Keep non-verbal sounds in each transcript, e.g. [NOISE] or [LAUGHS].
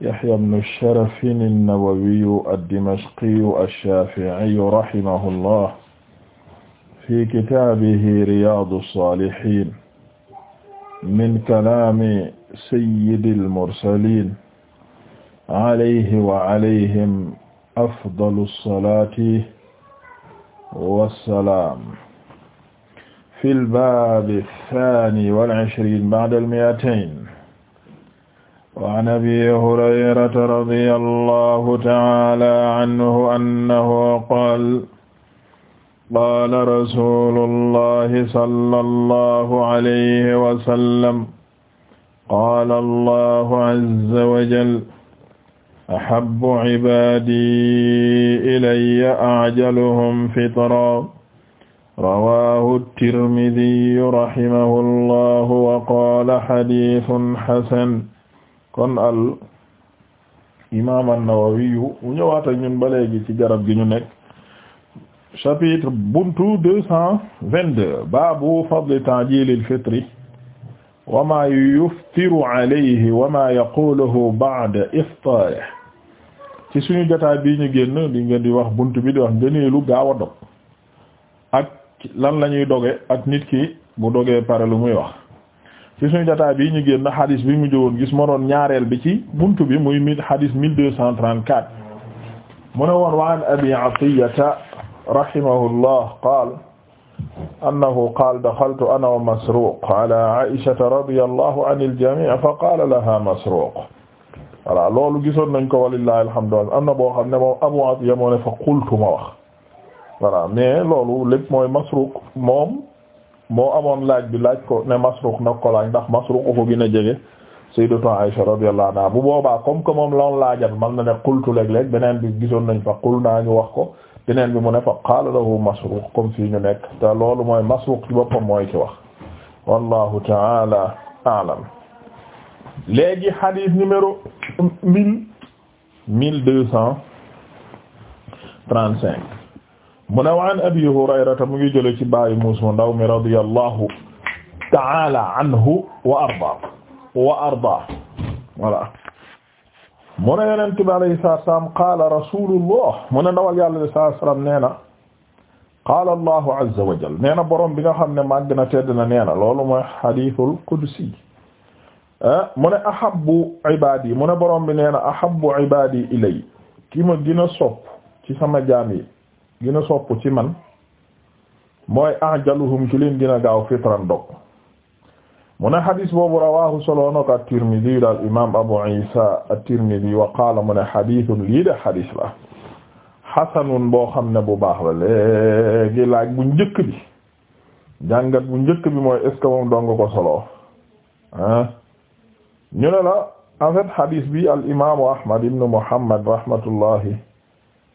Yahya bnu Sharaf an-Nawawiyu ad-Dimashqiyu ash-Shaafi'iyu rahimahullah fi kitaabihi Riyaadu s-Saalihiin min kalaami sayyidil mursaliin alayhi wa alayhim afdalu s-salaati wa s-salaam fil baabi th-thaani wal ishriin ba'da l-mi'atayn waan abi hurayrata radiya allahu taala anhu annahu qaal qaala rasulullahi sallallahu alayhi wa sallam qaala allahu azza wa jal ahabbu cibaadi ilayya acjaluhum fitra rawaahu tirmidiyu rahimahu allahu wa qaala xadiisun xasan kon al imam an-Nawawi mu ñëwaat ñun ba léegi ci garab gi ñu nekk chapitre buntu deux cent vingt-deux baabu fadli ta'jil al-fitri wa ma yuftiru alayhi wa ma yaquluhu ba'da iftarihi ci suñu jotaay bii ñu génn di ngeen di wax bunt bi di wax ngëneelu gaaw a dog ak lan lañuy ñuy doge ak nit ki bu dogee pare lu muy wax ci suñu jotaay bi ñu génn xadis bi mu jëwoon gis ma ñaareel bi ci buntu bi muy mille xadis mille deux cent trente-quatre mu ne woon wa an abi atiyata rahimahullah qaal annahu qaal daxaltu ana wa masruq ala aishata radiyallahu anil jami' loolu gisoon nañ ko am na boo xam ne moom abu atiya fa qultu ma wax voilà mais loolu lépp masruq moom moo amoon laaj bi laaj ko ne Masruq nag ko laaj ndax Masruq ko gën a jege Sayyidatu Aisha radiyallahu anha bu boobaa comme que moom loon laajat man na ne qultu léeg-léeg beneen bi gisoon nañ fa qul naa ñu wax ko beneen bi mu ne fa qaala lahu Masruq comme fii ñu nekk te loolu mooy Masruq ci boppam mooy ci wax wallahu ta'ala a'lam léegi hadith numéro mille mille deux cent mu ne waan abi hurayrata mu ngi jële ci bàyyi muus mu ndaw mi radiyallahu taala anhu wa arda wa arda voilà mu ne yonent bi alayhi salaatu salaam qaala rasulullah mu ne ndawal yàlla alayhi salaatu salaam nee na qaala allahu azza wa jal nee na borom bi nga xam ne màgg na tedd na nee na loolu mooy hadithul qudsi eh, mu ne ahabbu ibaadi mu ne borom bi nee na ahabbu ibaadi ilay ki ma gën a sopp ci sama jaam yi gën a sopp ci man mooy ajaluhum ci leen dina gaaw fitran dog mu ne xadis boobu rawahu soloona ko at-Tirmidhi daal imam Abu Isa at-Tirmidhi wa qaala mu ne xaditun lii de xadis la xasanun boo xam ne bu baax la léegi laaj bu njëkk bi jàngat bu njëkk bi mooy est ce que ko solo ah ñu ne la en fait xadis bi al imaamu Ahmad ibn Muhammad rahmatullahi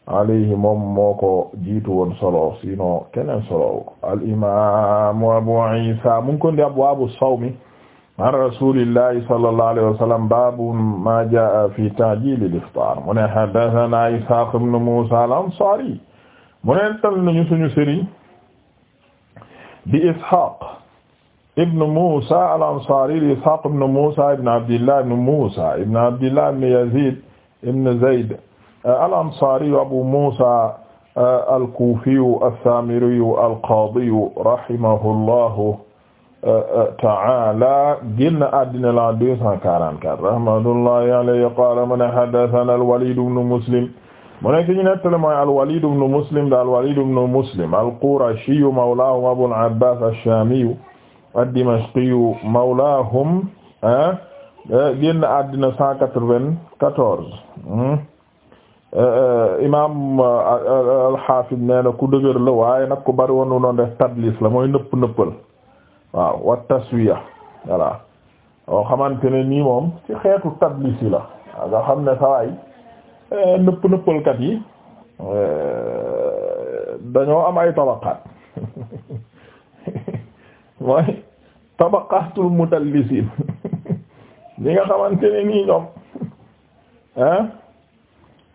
alayhi moom moo ko jiitu woon solo sino keneen solo al imam abu isa mu ngi ko ndi abwaabu sawmi an rasulillahi sallallahu alayhi wa sallam babu ma jaa fi ta'jil al iftar mu ne hadathana ishaq ibn musa al ansari mu ne tal nañu suñu sëriñ bi ishaq ibn musa al ansari li ishaq ibn musa ibn abdillah ibn musa ibn abdillah ibn yazid ibn zayd Uh, al-Ansaari Abu Muusa uh, al-Kuufi as-Saamiri al-Qaadi rahimahullahu uh, ta'aala génn àddina la 244 rahmatullahi alayhi qaala mu ne haddasanaa al-Waliid ibnu Muslim mu nekk ñu nettali mooy al-Waliid ibnu Muslim da al-Waliid ibnu Muslim al-Qurashiyyu mawlaahum Abul Abbaas ash-Shaamiyyu ad-Dimashqiyyu mawlaahum génn àddina 194 Eh, eh, imaam eh, al-Hafiz nee na ku dëgër la waaye nag ku bari woon nu doon def tadlis la mooy nëpp nëppal waaw wa taswiya voilà oo xamante ne nii moom ci xeetu tadlis yi la nga xam ne sawaay nëpp nëppalkat yi dañoo am ay tabaqaat [LAUGHS] mooy tabaqaatul mudallisiin ñi [LAUGHS] nga xamante nii ñoom [LAUGHS] ah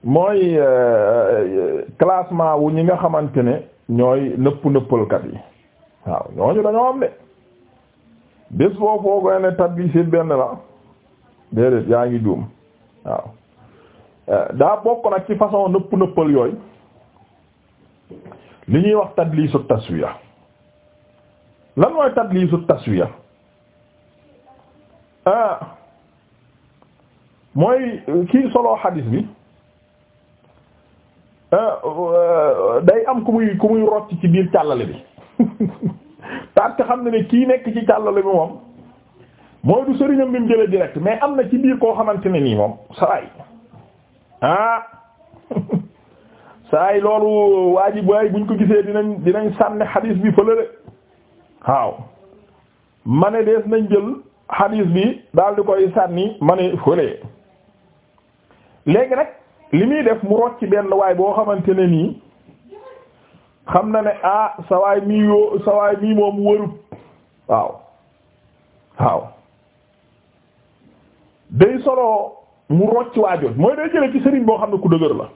mooy euh, euh, classement wu ñi nga xamante ne ñooy nëpp nëppalkat yi waaw ñooñu dañoo am de bés boo foogee ne tab benn la déedéet yaa ngi juum waaw euh, daa bokk nag ci façon nëpp nëppal yooy li ñuy wax tadlisu taswiya lan mooy tadlisu taswiya ah mooy kii solo xadiis bi Euh, euh, day am ku muy ku muy rocc ci biir càllale bi [LAUGHS] parce que xam na ne kiy nekk ci càllale bi moom mooy du sëriñam bi mu jëlee direct mais am na ci biir koo xamante ne nii moom saay ah saay [LAUGHS] loolu waajib waaye buñ ko gisee dinañ dinañ sànni xadiis bi fële waaw ma ne dees nañ jël xadiis bi daal di koy sànni ma ne fële léegi nag. li muy def mu rocc benn waay boo xamante ne nii xam na ne ah sa waay mii yoo sa waay mii moom wërub waaw waaw day solo mu rocc waajoon mooy day jële ci sëriñ boo xam ne ku dëgër la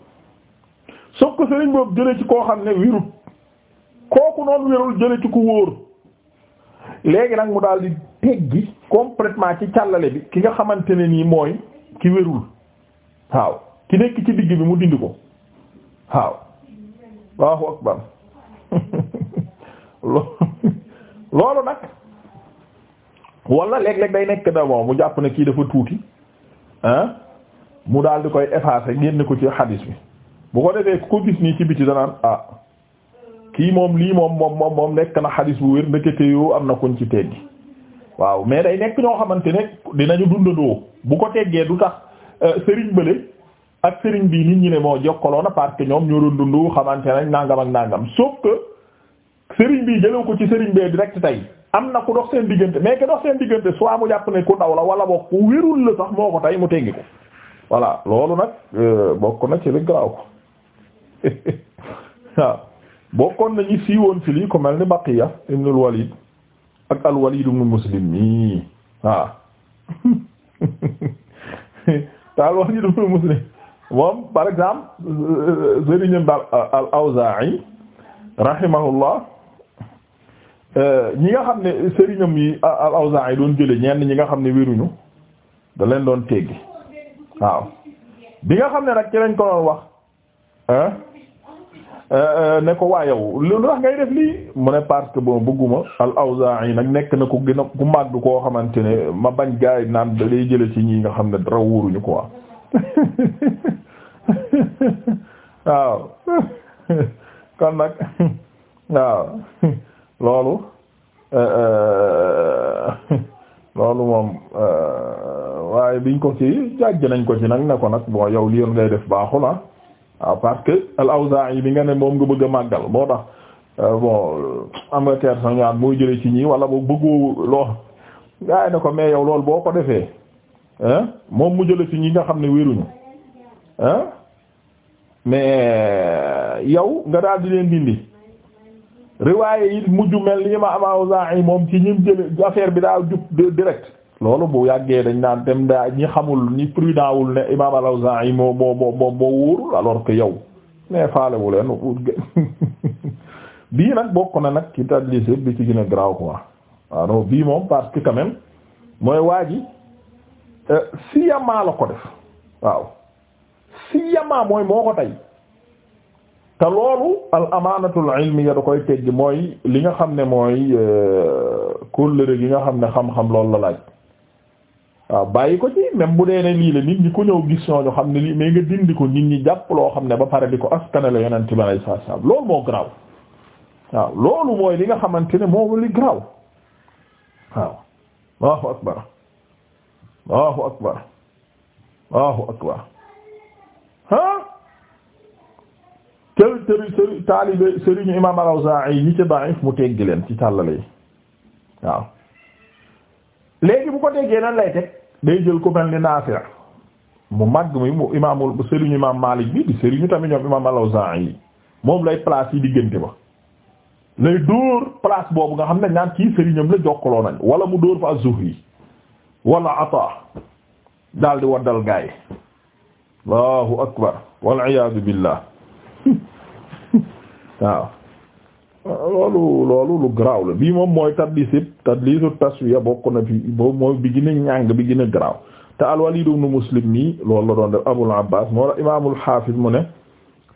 soog ko sëriñ boobu jële ci koo xam ne wirut kooku noonu wérul jële ci ku wóor léegi nag mu daal di teggi complètement ci càllale bi ki nga xamante ne nii mooy ki wérul waaw ki nekk ci digg bi mu dind ko waaw Allahu akbar [LAUGHS] [LAUGHS] loolu nag wala léeg-léeg day nekk da mu jàpp ne kii dafa tuuti ah mu daal di koy effacer génn ko ci xadis bi bu ko defee ko gis nii ci biti danaan ah kii moom lii moom moom moom moom nekk na xadis bu wér ndekete yoo am na kuñ ci teggi waaw mais day nekk ñoo xamante ne dinañu dundandoo bu ko teggee du tax euh, sëriñ bële ak sëriñ bi nit ñi ne moo jokkaloona parce que ñoom ñoo doon dundu xamante nañ nangam ak nangam sauf que sëriñ bi jëlaw ko ci sëriñ bee direct tey am na ku dox seen diggante mais que dox seen diggante soit mu jàpp ne ku ndaw la wala boog ku wérul la sax moo ko tey mu teggi ko voilà loolu nag euh, bokk na ci li garaaw ko [LAUGHS] waaw bokkoon nañu siiwoon fi lii ko mel ni Baqiya ibnul Walid ak al Walid ibnu Muslim mii waaw [LAUGHS] te al Walid ibnu Muslim moom par exemple sëriñam daal euh, al Awzaa'i rahimahullah euh, ñi nga xam ne sëriñam yi al yi doon jële ñenn ñi nga xam ne wéruñu da leen doon teggi waaw bi nga xam ne nag ci lañ ko wax euh, ne ko waa yow lu tax ngay def lii mu ne parce que bon bëgguma al Awzaa'i nag nekk na ku gën a ku màgg koo xamante ne ma bañ gaay naan da lay jële ci ñi nga xam ne dara ko wax [LAUGHS] waaw kon nag waaw loolu euh, euh, loolu moom euh, waaye biñ ko ci jàjj nañ ko ci nag ne ko nag bon yow li yoon ngay def baaxul ah waaw ah, parce que al-Awzaa'i bi nga moom nga bëgg a màggal moo tax bon am nga teer sa ñaan moo ci ñii wala boo bëggoo loo gaa yi ne ko mais yow loolu boo ko defee moom mu jële ci ñi nga xam ne wéruñu mais euh, yow nga daal di leen dindi riwaaye yi mujj mel ni ma amaaw zaa yi moom ci ñim jële affaire bi daa jub direct loolu bu yàggee dañ naan dem daa ñi xamul ñi prudent wul ne imaam al-Awzaa'i moo moo moo moo wóorul alors que yow mais faale wu leen [LAUGHS] bii nag bokk na nag ci tadlis bi ci gën a graw quoi waaw ah non bii moom parce que quand même mooy waa ji Euh, siyamaa la ko def waaw siyamaa mooy moo ko tey te loolu al amaanatul ilmiya da koy tegg mooy li nga xam ne mooy euh, kóllëre gi nga xam ne xam-xam loolu la laaj waaw bàyyi ko ci même bu dee ne lii la nit ñi ku ñëw gis ñooñu xam ne lii mais nga dindi ko nit ñi jàpp loo xam ne ba pare di ko askanale yonent bi alayhi salaam loolu moo graw waaw loolu mooy li nga xamante ne moo li graw waaw Allahu akbar Allahu akbar Allahu akbar ah tëri sëri taalibe sëriñu imam al-Awzaa'i yi ci da'if mu teggi leen ci tàllale yi waaw léegi bu ko déggee nan lay teg day jël ku mel ni Naafi' mu màgg mi mu imaamul sëriñu imam Maalik bi di sëriñu tamit ñoom imam al-Awzaa'i yi moom lay place yi diggante ba lay dóor place boobu nga xam ne ñaan kii sëriñam la jokkaloo nañ wala mu dóor fa az-Zuhri wala ata daal di waddal gaay allahu akbar wal iyaadu billah [LAUGHS] waaw loolu loolu lu garaaw la bii moom mooy tadlisib tadlisu taswiya bokk na fi boobu mooy bi gën a ñàng bi gën a garaaw te al-Walid ibn Muslim nii loolu la doon def Abul Abbas moo la imaamul mu ne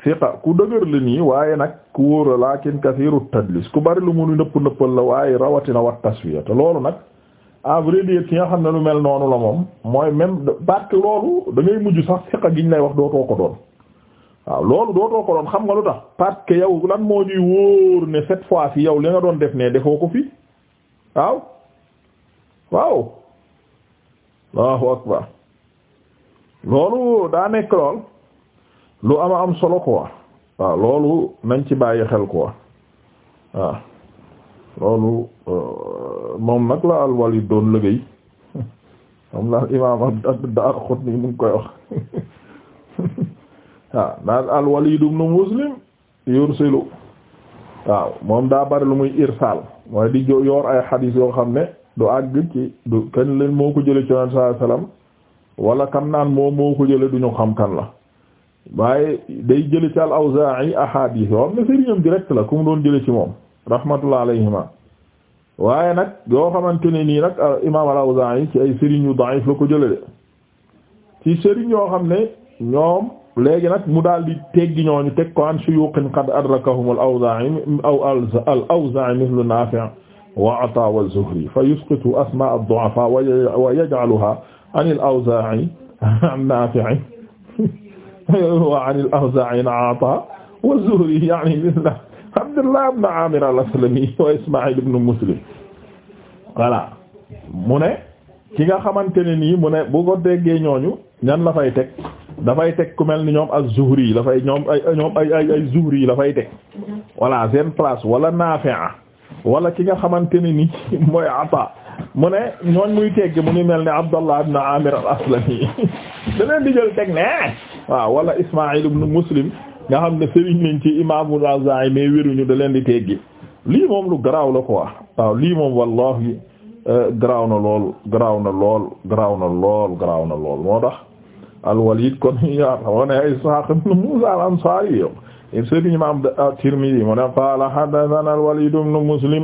fiqa ku dëgër la nii waaye nag ku wóor la lakin kathiru tadlis ku bari lu mu nëpp nëppal la waaye rawatina wat taswiya te loolu nag à vrai dire ki nga xam ne lu mel noonu la moom mooy même parce que loolu da ngay mujj sax fiqa giñ lay wax dootoo ko doon waaw loolu dootoo ko doon xam nga lu tax parce que yow lan moo ñuy wóor ne cette fois ci li nga doon def ne defoo ko fi waaw waaw loolu daa nekk lool lu ama am solo quoi waaw loolu nañ waaw loolu euh, moom nag la al-Walid doon liggéey moom la imaam ad-Daaraqutni mu ngi koy wax waaw naan al-Walid ibn Muslim yursilu waaw moom daa bari lu muy irsaal mooy di yor ay xadiis yoo xam ne du àgg ci du kenn leen moo ko jële ci Yonent sallallahu alayhi wasallam wala kam naan moom moo ko jële duñu xam kan la waaye day jële ci al-Awzaa'i ahadiis yoo xam ne sëriñam direct la ku mu doon jële ci moom rahmatullah alayhima waaye nag yoo xamante ne nii nag imaam al-Awzaa'i ci ay sëriñ yu da'if la ko jële de ci sëriñ yoo xam ne ñoom léegi nag mu daal di teggi ñooñu teg ko an shuyuukhin qad adrakahum al-Awzaa'i aw al-Awzaa'i mithlu Naafi' wa Ataa wa Zuhri fa yusqitu asmaa' ad-du'afaa wa yaj'aluhaa an al-Awzaa'i an Naafi' [LAUGHS] wa an al-Awzaa'i an Ataa wa Zuhri ya'ni Abdullah ibn Amir al-Aslami wa Ismaïl ibn Muslim voilà mu ne ki nga xamante ne nii mu ne boo ko déggee ñooñu ñan la fay teg dafay teg ku mel ni ñoom az-Zuhri la fay ñoom ay ñoom ay ay Zuhri la fay teg voilà seen place wala Nafi'a wala ki nga xamante ne nii [LAUGHS] mooy Ata mu ne ñooñ muy teggi mu ni mel ni Abdallah ibn Amir al-Aslami [LAUGHS] da leen di jël teg ne waaw wala Ismaïl ibn Muslim nga xam ne sëriñ nañ ci imaamul Awzaa'i mais wéruñu da leen di teggi lii lu garaaw la quoi waaw lii moom wallahi euh, garaaw na lool garaaw na lool garaaw na lool garaaw na lool moo tax al-Walid kon [LAUGHS] yaa wane Ishaaq ibn Muusaa al-Ansaari yow sëriñ imaam at-Tirmidhi qaala haddathanaa al-Walid ibn Muslim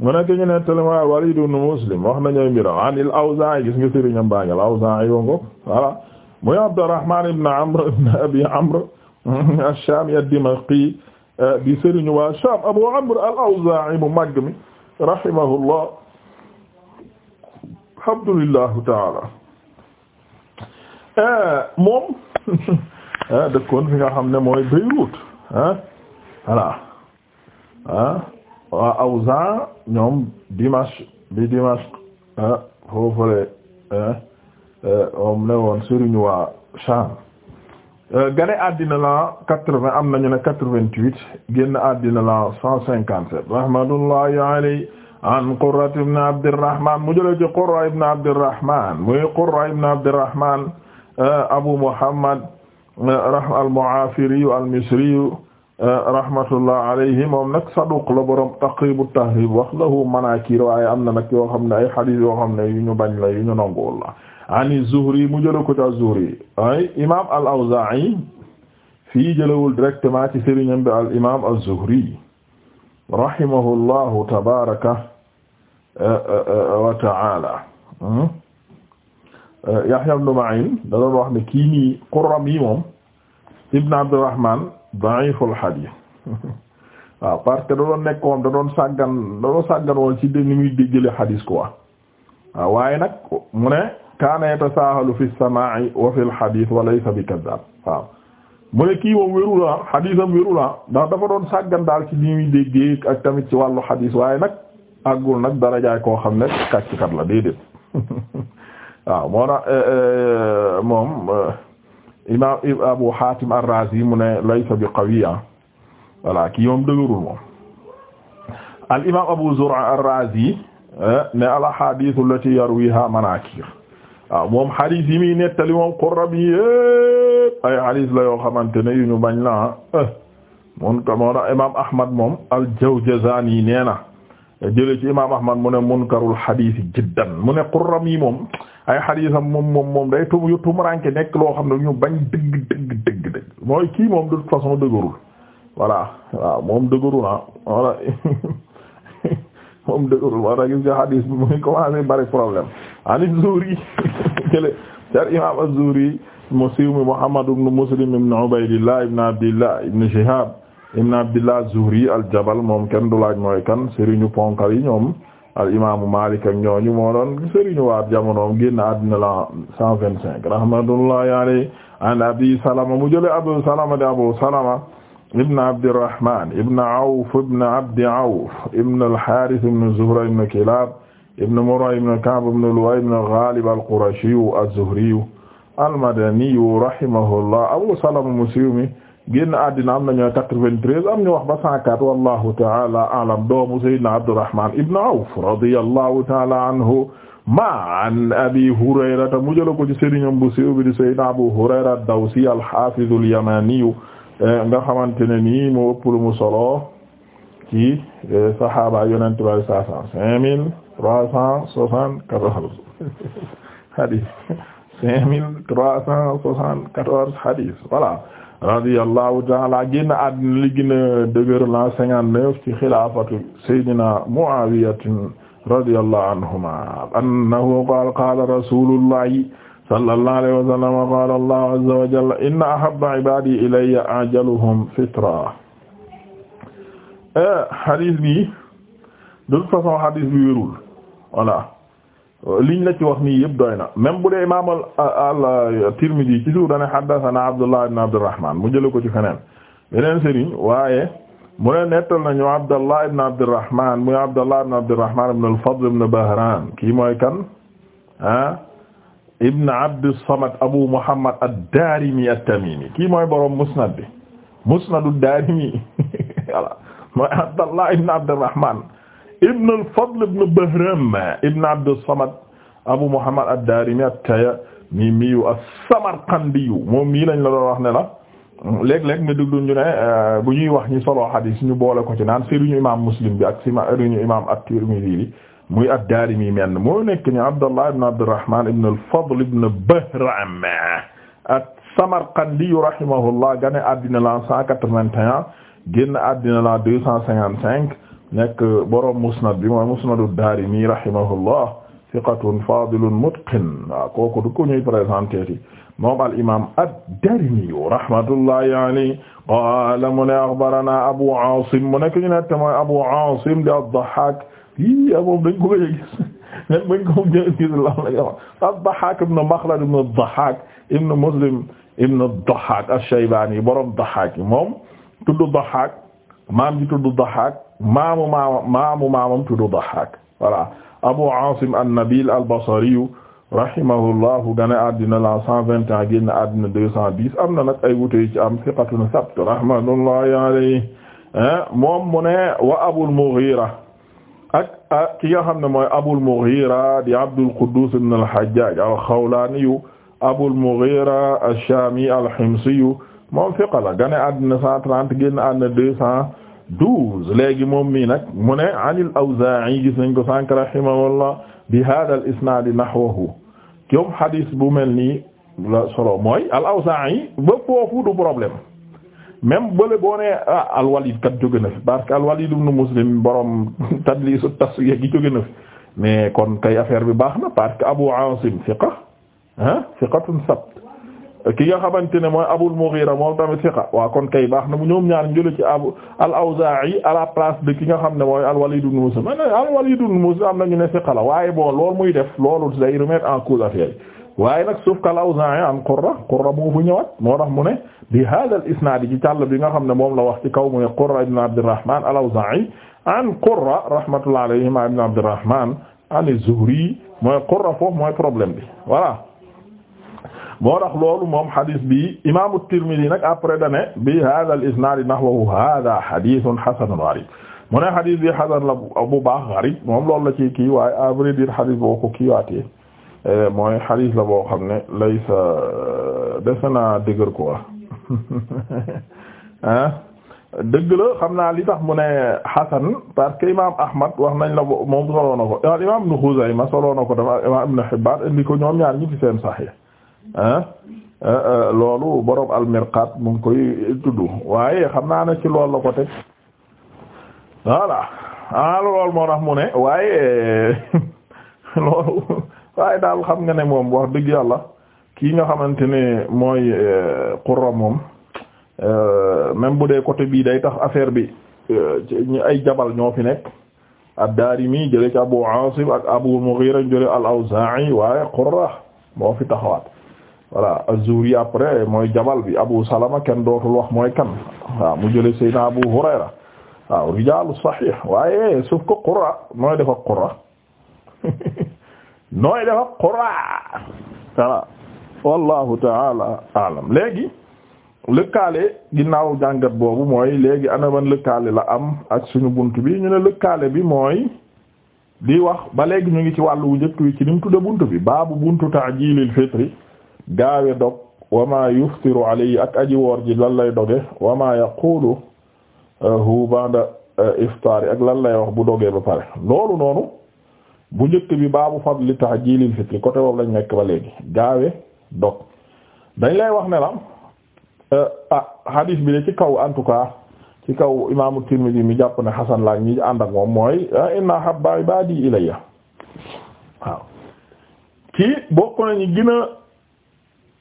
mu nekk ñu ne tellement al-Walid ibn Muslim wax nañu mbir an al-Awzaa'i gis nga sëriñam baa ngi al-Awzaa'i yoo ngoog voilà muy Abdurrahmaan ibn Amr [LAUGHS] ash-Shami ad-Dimashqi eh, di sëriñu waa Sham Abu Amr al-Awza'i mu màgg mi rahimahullah alhamdulillahu taala eh, moom [LAUGHS] eh, dëkkoon fi nga xam ne mooy Beyrouth ah voilà ah waa Awza ñoom Dimashq bi Dimashq foofule moom ne woon sëriñu waa Sham Euh, gane àddina la quatre-vingt am nañu ne quatre-vingt-huit génn àddina la cent cinquante-sept rahmatullahi alayhi an Qurra ibn Abdirrahman mu jëlee ci Qurra ibn Abdirrahman muy Qurra ibn Abdirrahman euh, Abu Muhammad euh, al-Mu'afiri al-Misri rahmatullah alayhi moom nag saduq la borom Taqrib at-Tahrib wax lahu manaakir waaye am na nag yoo xam ne ay hadiis yoo xam ne yu ñu bañ la yu ñu nanguwul la ani Zuhri mu jëla ko ca Zuhri ay imam al-Awzaa'i fii jëlawul directement ci sëriñam bi al imam az-Zuhri rahimahullahu tabaraka eh, eh, eh, wa ta'ala hmm? Yahya ibn Ma'in da doon wax ne kii nii Qurram yi moom Ibn Abdurrahman da'iful [LAUGHS] que da doon nekk moom da doon sàggan woon ci ni muy déggale hadith quoi waaw waaye nag mu ne kaana yatasaahalu fi samaa'i wa fi alxadiis wa laysa bi kaddaab waaw mu ne kii moom wéru la ah, xadiisam wéru la ah, ndax dafa doon sàggan daal ci li muy déggee ak tamit ci wàllu xadiis waaye nag àggul nag darajaay koo xam ne kàccikat la déedéet [LAUGHS] waaw moo na eh, eh, moom eh, imaam Abu Hatim ar-Razi mu ne laysa bi qawiya ah. voilà kii moom dëgërul moom al imaam Abu Zur'a ar-Razi ne al ahadith allati yarwiha manakir waaw moom xadis yi muy nettali moom xurram yëpp ay xadis la yoo xamante ne yu ñu bañ la ah eh, mun ko moo tax imam ahmad moom al-Jawjazani nee na jële ci imam ahmad mu ne munkarul xadis jiddan mu ne xurram yi moom ay xadisam moom moom moom day tum yu tumuranke nekk loo xam ne ñu bañ dëgg dëgg dëgg mooy kii moom de toute façon dëgërul voilà waaw moom dëgëru ah, [LAUGHS] moom dëgërul moo tax gis nga hadis bi muy commencé bari problème ani Zuhri zuhri mu siiw mi Muslim ibn Ubaydillah ibn Abdillah ibn Shihab ibn Abdillah al-Jabal moom kenn du laaj mooy kan sëriñu ponkal yi ñoom al imaamu Maalik ak ñooñu moo doon sëriñu waat jamonoom génn àddina la cent vingt cinq rahmatullahi alayhi an Abi Salama mu jële Abu Salama de Abu Salama ibn Abdirrahman ibn Awf ibn Abdi Awf ibn al-Harith ibn Zuhra ibn Kilab ibn Murra ibn Ka'b ibn Lu'ay ibn Ghalib al-Qurashi az-Zuhri al-Madani rahimahullah Abu Salama Muslim mi génn àddina am nañu 93 am ñu wax ba 104 wallahu ta'ala a'lam doomu Sayyidina Abdirrahman ibn Awf radiyallahu ta'ala anhu ma an abi Hurayrata mujëla ko ci sëriñam bu siiw bi di Sayyidina Abu Hurayra ad-Dawsi al-Hafiz al-Yamani Eh, nga xamante ne nii moo ëpp mu solo ci eh, saxaaba yonent bi saa saa cinq trois cent soixante quatorze hadis cinq mille trois cent soixante quatorze hadis voilà radiyallahu ta'ala génn àddina li gën a dëgër la cinquante neuf ci xilaafatu annahu qaala qaala rasulullahi sallallahu alayhi wa sallam qaala allah azza wa jalla inna ahabba ibadi ilayya ajaluhum fitra eh, hadis bi de toute façon hadis bi wérul voilà liñ la ci wax nii yëpp doy na même bu dee imaam al-Tirmidhi ci suuf dane haddathana Abdullah ibn Abdurrahman mu jële ko ci feneen beneen sëriñ waaye mu ne nettal nañu Abdallah ibn Abdurrahman muy Abdallah ibn Abdurrahman ibn al-Fadl ibn Bahran kii mooy kan ah ibn Abd Samad Abu Muhammad ad-Daarimi at-Tamimi kii mooy borom musnad bi musnad ad-Daarimi [LAUGHS] voilà mooy Abdallah ibn Abdurrahman ibn al-Fadl ibn Bahram ibn Abd Samad Abu Muhammad ad-Daarimi at-Tamimi as-Samarqandi moom mii lañ la doon wax ne la léeg-léeg nga déglu ñu ne euh, bu ñuy wax ñi solo hadis ñu boole ko ci naan sëriñu imaam Muslim bi ak sëriñu imaam at-Tirmidhi bi muy ad-Daarimi menn moo nekk ni Abdallah ibn Abdurrahman ibn al-Fadl ibn Bahram as-Samarqandi rahimahullah gane addina la 181 génn addina la 255 nekk borom musnad bi mooy musnadu ad-Daarimi rahimahullah thiqatun fadilun mutqin waaw kooku du ko ñuy présenté ti moom al-imaam ad-Daarimi rahmatullahi alayhi qaala mu ne akhbaranaa Abu Aasim mu nekk ñu ne mooy Abu Aasim di ad-Dahhaak yi ah, moom dañ ko gëj a gis même bañ ko gëj a gis la la wax ad-Dahhaak ibn Makhlad ibn ad-Dahhaak ibn Muslim ibn ad-Dahhaak ash-Shaybani borom Dahhaak moom tudd Dahhaak maam ji tudd Dahhaak maamu maam maamu maamam tudd Dahhaak voilà Abu Aasim an-Nabil al-Basri rahimahullahu gane addina la cent vingt ans génn addina deux cent dix am na nag ay wute ci am thiqatun sabt rahmatullahi alayhi moom mu ne wa Abul Mughira ak ki nga xam ne mooy Abul Mughira di Abdul Quddus ibn al-Hajjaj al-Khawlani Abul Mughira ash-Shami al-Himsi moom fiqa la gane àddina 130 génn àddina 212 léegi moom mii nag mu ne an al-Awza'i gis nañ ko sànk rahimahullah bi hada al-isnad nahwahu yom hadis bu mel nii la solo mooy al-Awza'i ba foofu du problème même bële boo nee ah alwalid kat jóge na fi parce que alwalid ibn muslim borom [LAUGHS] tadlisu taswiya gi jóge na fi mais kon kay affaire bi baax na parce que abu asim thiqa ah thiqatun sabt ki nga xamante ne mooy abul mughira moom tamit thiqa waa kon kay baax na bu ñoom ñaar njële ci abu al awza'i à la place de ki nga xam ne mooy alwalid ibn muslim alwalid ibn muslim am na ñu ne thiqa la waaye bon loolu muy def loolu day remettre en cause waaye nag suuf ka al-Awzaa'i an Qurra Qurra moo fu mu ne bi haaza al-isnaad ci bi nga xam ne moom la wax ci kaw mu ne Qurra ibn Abdirrahman al-Awzaa'i an Qurra rahmatullahi alayhima ibn Abdirrahman an az-Zuhri mooy Qurra foofu mooy problème bi voilà. moo loolu moom hadith bi imaamu Tirmidhi nag après da ne bi haaza al-isnaad nahwahu haaza hadiisun hasanun mu ne hadith bi hasan la baax gharib moom loolu la ci waay waaye à vrai dire hadith boo ko Eh, mooy xadis la boo xam ne laysa dese naa dëgër quoi ah [LAUGHS] dëgg la xam naa li tax mu ne xasan parce que imaam Ahmad wax nañ la bo moom soloo na ko imaam Ibn Xuzayma soloo na ko tamit imaam Ibn Hibbaan indi ko ñoom ñaar ñi ci seen Sahih eh, ah eh, loolu borom al-Mirqaat mu ngi koy tudd waaye xam naa na ci loolu la ko teg voilà ah loolu moo tax mu ne waaye [LAUGHS] loolu. waaye daal xam nga ne moom wax dëgg yàlla kii nga xamante ne mooy euh, Qurra moom euh, même bu dee côté bii day tax affaire bi euh, ñu ay jabal ñoo fi nekk ad-Daarimi jële ci Abu Aasim ak Abu Mughira jële al-Awzaa'i waaye Qurra moo fi taxawaat voilà az-Zuhri après mooy jabal bi Abu Salama kenn dootul wax mooy kan waaw mu jële Seydina Abu Hurayra waaw rijaalu saxiix waaye suuf ko Qurra mooy dafa Qurra [LAUGHS] nooy dafa qura voilà wallahu taala alam léegi lëkkaale ginnaaw jàngat boobu mooy léegi ana ban lëkkaale la am ak suñu bunt bi ñu ne lëkkaale bi mooy di wax ba léegi ñu ngi ci wàllu njëkk wi ci ni mu bunt bi baabu buntu ta'jilil fitri gaawe dog wama yuftiru yi ak aji woor ji lan lay doge wama yaqulu hu ba'da iftaari ak lan lay wax bu dogee ba pare loolu noonu bu njëkk bi li fadli ta'jilil fitri côté boobu lañ nekk ba léegi gaawe dog dañ lay wax ne la euh, ah bi de ci kaw en tout cas ci kaw imaamu Tirmidhi mi jàpp ne xasan laa ñi ànd ak moom mooy ah, inna habba ibadi ilayya waaw kii bokk na ñi gën a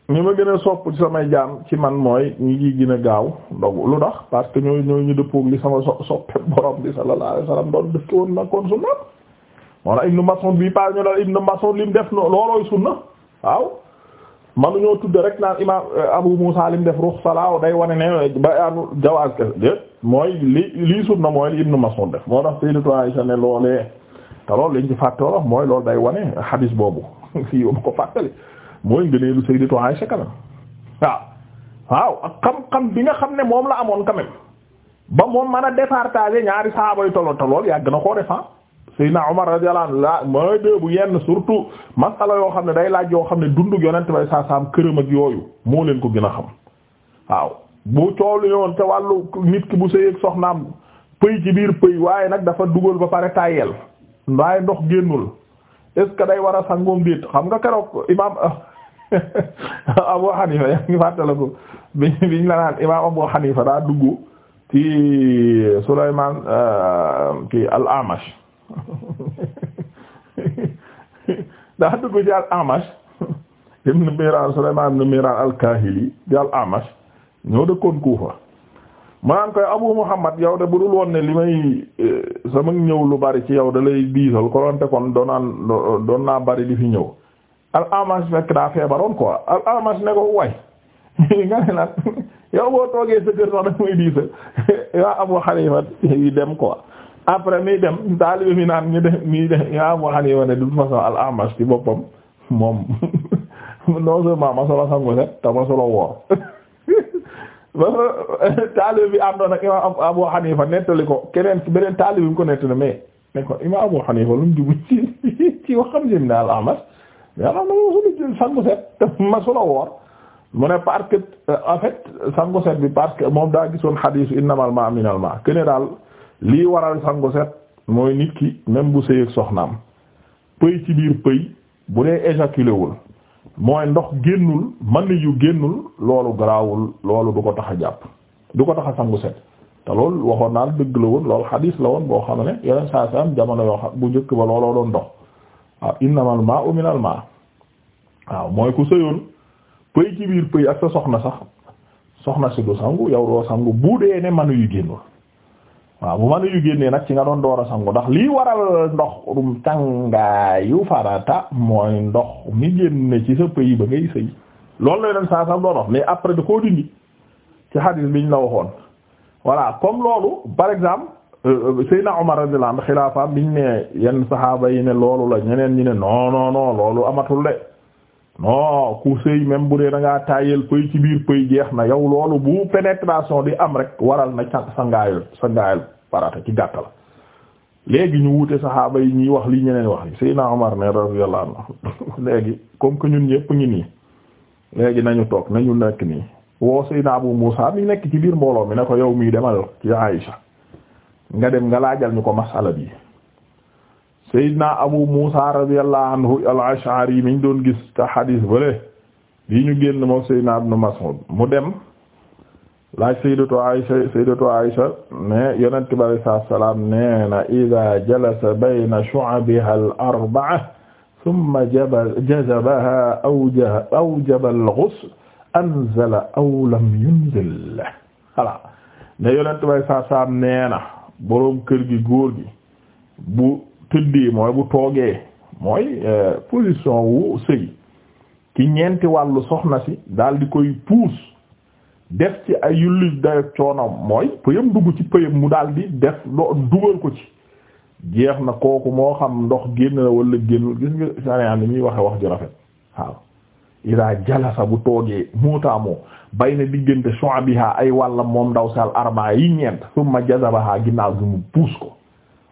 ñi ma gën a sopp ci samay jaam ci man mooy ñi ngi gën a gaaw dogu lu tax parce que ñooy ñooy ñu dëppoog li sama so soppe borom bi sallallahu alayhi wasallam doon def woon na kon su moo la Ibn Mas'ud bi pas ñu dal Ibn Mas'ud lim def loolooy sunna waaw manu ñoo tudd rek naan imam euh, Abu Musa lim def ruxsalaaw day wane ne euh, bayaanu jawaaz kese mooy li lii sunna mooy li Ibn Mas'ud def moo tax Sayyidatu Aisha ne loolee te loolu lañ ci fàtte wax mooy loolu day wane hadis boobu [LAUGHS] fii yóbbu ko fàttali mooy ngëneelu Sayyidatu Aisha kanam waaw waaw ak xam-xam bi nga xam ne moom la amoon quand ba moom man a départager ñaari sahaaba yu tolo tolool yàgg na koo ah. Seydina naa radiyallahu anhu la mooy déebu yenn surtout masala yoo xam ne day laaj yoo xam ne dundug yonent bay saa saam këram yooyu moo leen ko gën a xam waaw bu coow lu ñëwoon te wàllu nit ki bu sëyeeg soxnaam pëy ci biir pëy waaye nag dafa dugal ba pare tayel waaye ndox génnul est day war a sangoom déet xam nga keroog imaam [LAUGHS] Abu Hanifa yaa ngi fàttale ko bi biñ la naan imaam Abu Hanifa daa dugg ci Sulaymaan euh, ci al-Amash [LAUGHS] daa dugg ci al Amash ibn Miran Sulaymaan ibn Miran al-Kaahili di al Amash ñoo dëkkoon Kuufa mu naan koy Abu Muhammad yow de bu dul woon ne li may eh, sama ñëw lu bari ci yow da lay diisal konoonte kon doon doon naa bari li fi ñëw al Amash fekk daa feebaroon quoi al Amash ne ko way [LAUGHS] nga ne nag [LAUGHS] yow boo toogee sa kër sax muy diisal yaa Abu Hanifa yi dem quoi après mi dem taalibe mi naan ñu dem mi dem yaa mu xani wane du façon al-Amash ci boppam moom [LAUGHS] non seulement ma solo sangu set te ma solo woor [LAUGHS] taalibe bi àndoon ak imaam Abu Hanifa nettali ko keneen beneen taalibe bi mu ko nettali mais ne ko imaam Abu Hanifa lu mu jublu ci [LAUGHS] ci waxam jëm ne al-Amash na ma solo woor mu ne parce que euh, sangu set bi parce que moom daa gisoon xadiisu innamal maa'u minal maa' keneen daal lii waral sangu set mooy nit ki même bu sëyeeg soxnaam pëy ci biir pëy bu dee éjaculé wul mooy ndox génnul man yu génnul loolu garaawul loolu du ko tax jàpp du ko tax a sangu set te loolu waxoon naa dëgg la woon loolu xadiis la woon boo xam ne yeneen saa saa yoo xam bu njëkk ba looloo doon ndox waaw innamal maa'u minal maa' waaw mooy ku sëyoon pëy ci biir pëy ak sa soxna sax soxna si du sangu yow doo sangu bu dee ne mën yu génnul waaw bu ma la yu génnee nag ci nga doon door a sangu ndax lii waral ndox rum tàngaayu farata mooy ndox mi génne ci sa pëy ba ngay sëy loolu lay doon saa sam doon wax mais après di koo dindi ci xadiis bi ñu la waxoon voilà comme loolu par exemple euh, euh, Seydina Omar radiyallahu anhu xilaafa biñ ne yenn saxaaba yi ne loolu la ñeneen ñi ne non non loolu amatul de non ku sëy même bu dee da ngaa taayal pëy ci biir pëy jeex na yow loolu bu pénétration di am rek waral na ca sa ngaayal sa ngaayal parata ci gàttal léegi ñu wuute saxaaba yi ñuy wax lii ñeneen wax yi Seydina Omar ne radiyallahu anhu [LAUGHS] léegi comme que ñun ñëpp ngi nii léegi nañu toog nañu nekk nii woo Seydina bu Muusa mi nekk ci biir mbooloo mi ne ko yow mii demal ci Aïcha nga dem nga laajal ñu ko masala bi Seydina Abu Musa radiyallahu anhu al-Ash'ari mi ñu doon gis te xadis bële yi ñu génn moom Seydina Ibn Mas'ud mu dem laaj Sayyidatu Aisha Sayyidatu Aisha ne Yonent bi alayhi salaatu wa salaam nee na idhaa jalasa bayna shu'abiha al-arba'a thumma jazabaha awjaba al-ghusl anzala aw lam yunzil voilà ne Yonent bi alayhi salaatu wa salaam nee na boroom kër gi góor gi bu tëddee mooy bu toogee mooy euh, position wu sëy ci ñeenti wàllu soxna si daal di koy puus def ci ay yulli dayo coonam mooy pëyam dugg ci pëyam mu daal di def do dugal ko ci jeex na kooku moo xam ndox génn la wala génnul gis nga sariya ni ñuy waxe wax ju rafet waaw ida jalasa bu toogee muutaamoo bay na diggante shu'abiha ay wàllam moom ndaw sal arbaa yi ñeent summa jazabaha ginnaaw gi mu puus ko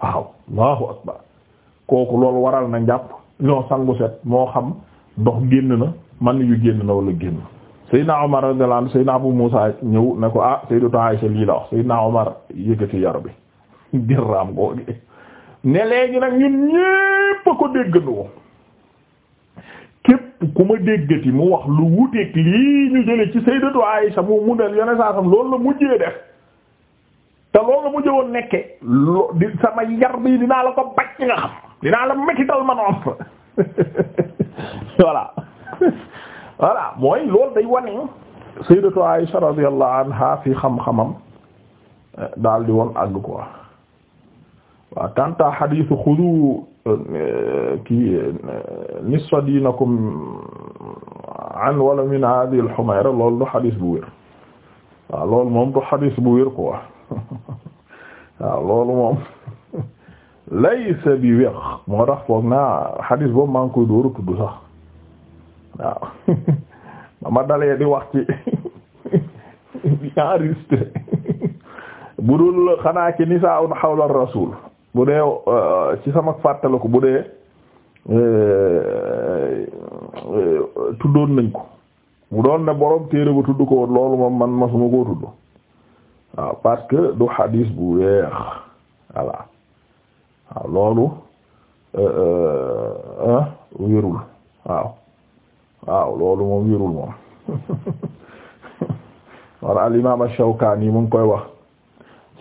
waaw allahu akbar kooku loolu waral na njàpp ñoo sangu set moo xam ndox génn na man yu génn na wala génn Seydina Omar radiyallahu anhu Seydina Abu Musa ñëw ne ko ah Sayyidatu Aisha lii la wax Seydina Omar yëkkati yar bi [LAUGHS] girraam googi ne léegi nag ñun ñépp ko déggandoo képp ku ma déggati mu wax lu wuteek lii ñu jële ci Sayyidatu Aisha mu mu ne yone saa sam loolu la mujjee def te loolu la mujjee woon nekke lo di sama yar bi dinaa la ko bacc nga xam dinaa la métital man om voilà voilà mooy loolu day wane sayyidatu Aisha radiyallahu anha fi xam-xamam eh, daal di woon àgg quoi waaw kanta hadith xudu eh, kii eh, nisfa dinakum an wala min hadhihi al-humayra loolu du hadith bu wér moom du hadith bu wér quoi [LAUGHS] waaw moom laysa bi wéq moo tax foog naa xadis boobu maa ngi koy dóoru tudd sax waaw [LAUGHS] ma dalee di wax ci [LAUGHS] bu dul xanaa ci nisaa'un xawla rasul bu dee euh, ci sama fàttaliku bu dee euh, euh, tuddoon nañ ko bu doon ne borom téere bu tudd ko loolu moom man masuma koo tudd waaw parce que du xadis bu weex voilà waaw loolu euh, euh, wérul waaw waaw loolu moom wérul moom [LAUGHS] wala al imam ash-Shawkani mu ngi koy wax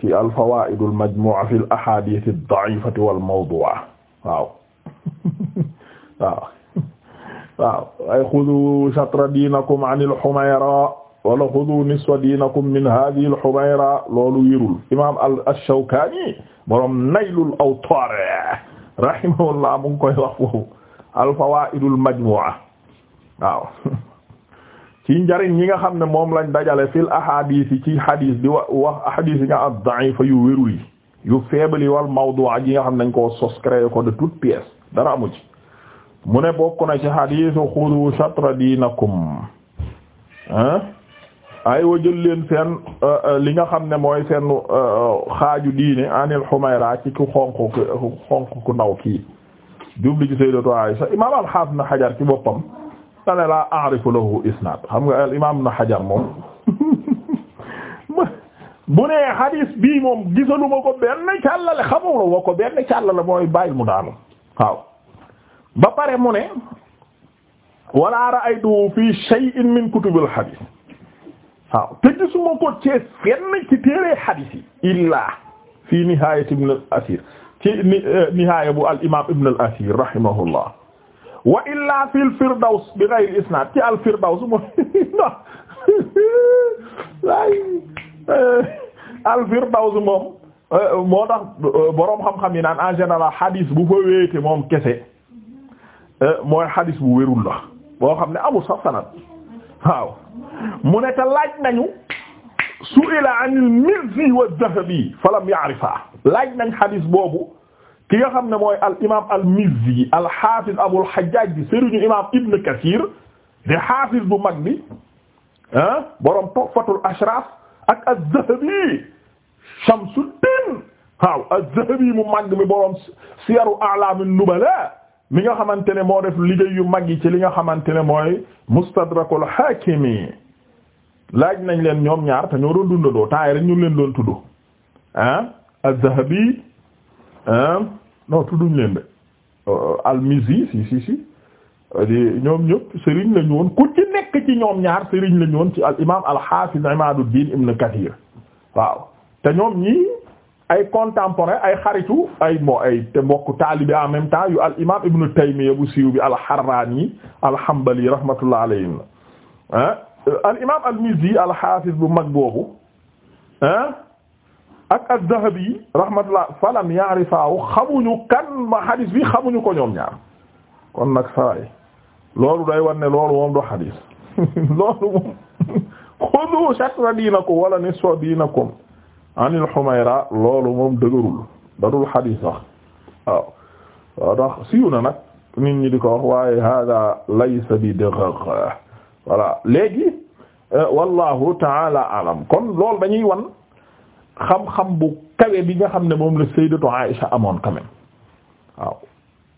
ci al-fawaa'id al-majmuu'a fi al-ahaadiith ad-da'iifati wal-mawduu'a waaw [LAUGHS] waaw waaw ay xudu shatra diinakum an al-humayra wala xudu nisfa diinakum min haadhihi al-humayra loolu wérul imam al-Shawkani borom naylul awtar rahimahullah mu ngi koy wax foofu al fawaidul majmu'a waaw ci njariñ ñi nga xam ne moom lañ dajale fil ahadith ci hadith di wax ahadith yi nga ad-da'ifa yu wérul yi yu faible yi wal mawdu'a yi nga xam nañ koo sos créé ko de toute pièce dara amu ci mu ne bokk na ci hadith xudu shatra dinakum hein aywa jël leen seen euh, euh, li nga xam ne mooy seen euh, xaaju diine anil Humayra ci ku ndaw kii jubli ci na Hajar ci boppam dane la a'rifu lahu isnad xam nga al imam na Hajar moom [LAUGHS] bu ne hadis bii moom gisaluma ko benn càllale xamuma ko benn càllale mooy bàyyil mu daanu waaw ba pare mu ne wala ra'aytu fi shay'in min kutubil hadis waaw te gisuma ko ci fenn ci téere illaa fi nihaayat ibn asir ci eh, bu al imam ibn al asir rahimahullah wa illaa fi firdaws bi ghayr isnad ci al firdaws mooy [LAUGHS] eh, al firdaws moom eh, moo tax boroom xam-xam yi naan en général hadith bu fa moom kese mooy hadith bu wérul la boo xam ne amul sax sanad waaw mu ne te laaj nañu su'ila anil mizzi wa dhahabi falam ya'rifa laaj nañ xadis boobu ki nga xam ne mooy al imaam al mizzi al xaafiz abul xajjaaj bi sëriñu imaam ibn kathir di xaafiz bu mag bi ah borom tuhfatul ashraf ak az-zahabi shamsuddin waaw az-zahabi mu mag mi borom siyaru a'lamin nubala mi nga xamante ne moo def liggéey yu mag yi ci li nga xamante ne mooy mustadrakul hakimi laaj nañ leen ñoom ñaar te ñoo doon dundandoo temps rek ñu leen doon tudd ah az-Zahabi ah non tudduñ leen de euh, al-Mizzi si si si euh, ñoom ñëpp sëriñ la ñu woon ku ci nekk ci ñoom ñaar sëriñ la ñu woon ci al imaam al-Hafiz Imaduddin ibn Kathir waaw te ñoom ñii ay contemporain ay xaritu ay moo ay te mbokk taalibi en même temps yu al imam ibnu Taymiyya bu siiw al-Harrani al-Hanbali rahmatullah alayhim ah al imam al-Mizzi al-Hafiz bu mag boobu ah ak az-Zahabi rahmatullah falam ya'rifahu xamuñu kan ma xadis bi xamuñu ko ñoom ñaar kon nag sawaay loolu day wan loolu moom do xadis [LAUGHS] loolu moom [LAUGHS] xudu shatra diinakum wala nisfa diinakum anil Humayra loolu moom dëgërul darul xadiis sax waaw waaw ndax siiw na nag nit ñi di ko wax waaye hada laysa bi dëgër voilà léegi euh, wallahu taala alam kon lool dañuy wan xam-xam bu kawe bi nga xam ne moom la sayyidatu Aïsha amoon quand aaw waaw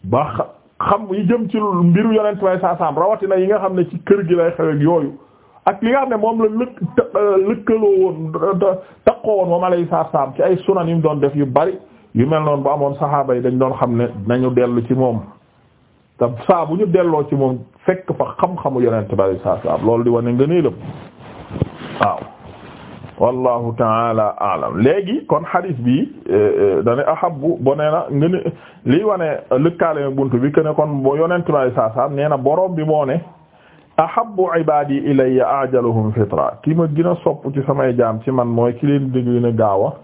ba xam yi jëm ci mbiru yonent may saasaam rawatina yi nga xam ne ci kër gi lay xew yooyu ak li nga xam ne moom la lëkk euh, lëkkaloo woon taqoo woon moom alayhi salaam ci ay sunan yu mu doon def yu bari yu mel noon bu amoon saxaaba yi dañ doon xam ne nañu dellu ci moom te saa bu ñu delloo ci moom fekk fa xam-xamu yonent bi alayhi salaam loolu di wane nga nee lëpp waaw wallahu taala alam léegi kon hadis bi euh, euh, dane ahabbu bo nee na nga ne lii wane lëkkaale buntu bi que ne kon bo yonent bi alayhi salaam nee na borom bi moo ne a ahabbu ibadi ilayya ajaluhum fitra ki ma gën a sopp ci samay jaam ci man mooy ki leen dégg na gaaw a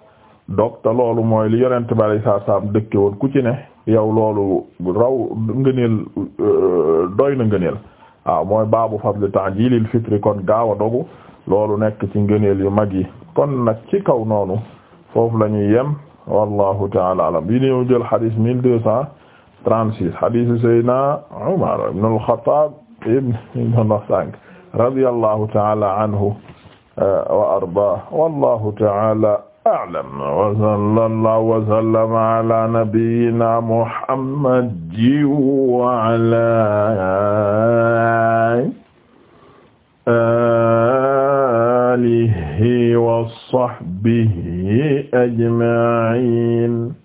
dog te loolu mooy li yonent bari saa saam dëkke woon ku ci ne yow loolu raw ngëneel euh, doy na ngëneel waaw mooy baabu fadl ta'jilil fitri kon gaaw a dogu loolu nekk ci ngëneel yu mag yi kon nag ci kaw noonu foofu la yem wallahu ta'ala alam bi ñëw jël hadith mille deux cent trente six hadith Seydina ibn Mas'ud radiyallahu ta'ala anhu uh, wa ardaah wallahu ta'ala a'lam wa sallallahu wa sallama ala nabiyyina Muhammadin wa ala alihi wa sahbihi ajma'in